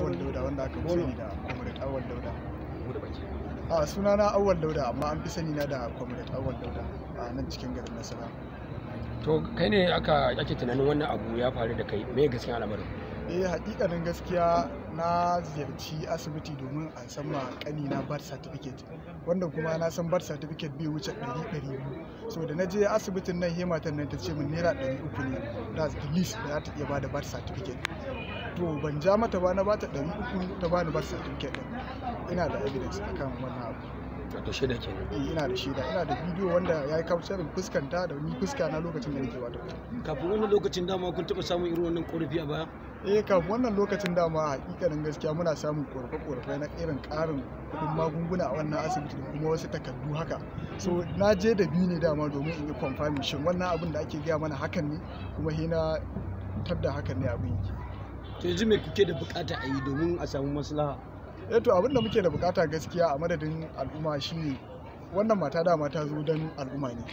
awal dauda wanda aka fi sani da comrade awal dauda a na awal dauda amma an fi sani na da comrade awal dauda a nan cikin garin nasara to kai ne aka ake tunanin wannan abu ya faru da kai me gaskiya al'amarin eh hakikanin gaskiya na ziyarci asibiti domin a ma kani na birth certificate wanda kuma na san birth certificate bai wuce 100 so da na je asibitin nan hematan nan ta ce min naira 300 ne da the least da za ta iya bada birth certificate to ban ja mata ba na bata 300 ta bani birth certificate ina da evidence akan wannan abu da shaida ke eh, ina da shaida ina da bidiyo wanda ya yi kamsarin fuskanta da ni fuska na lokacin da nake wata kafin wannan lokacin dama kun taɓa samun irin wannan korafi a baya eh kafin wannan lokacin dama hakikanin gaskiya muna samun korafe-korafe na irin karin kudin magunguna a wannan asibiti da kuma wasu takardu haka so na je da biyu ne dama domin in yi confirmation wannan abin da ake gaya mana hakan ne kuma hina tabda hakan ne abin yake to yanzu me kuke da bukata a yi domin a samu maslaha eh to abin da muke da bukata gaskiya a madadin al'umma shine wannan mata dama ta zo don al'umma ne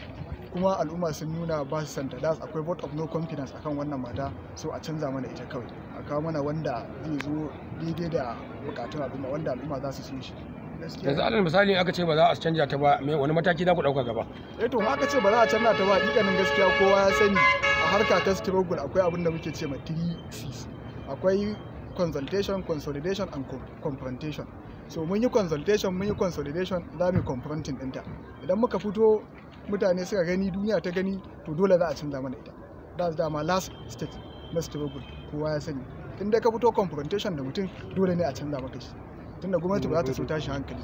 kuma al'umma sun nuna ba su santa das akwai vote of no confidence akan wannan mata so a canza mana ita kawai a kawo mana wanda zai zo daidai da bukatun al'umma wanda al'umma za su shi yanzu alal misali aka ce ba za a canja ta ba me wani mataki za ku dauka gaba eh to aka ce ba za a canza ta ba hakikanin gaskiya kowa ya sani a harka ta struggle akwai abin da muke ce ma 3 akwai consultation consolidation and confrontation so mun yi consultation mun yi consolidation za mu confronting din ta idan muka fito mutane suka gani duniya ta gani to dole za a canza mana ita that's dama last stage na struggle kowa ya sani tun dai ka fito confrontation da mutum dole ne a canza maka shi tunda gwamnati ba za ta so tashi hankali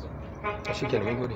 ba mun gode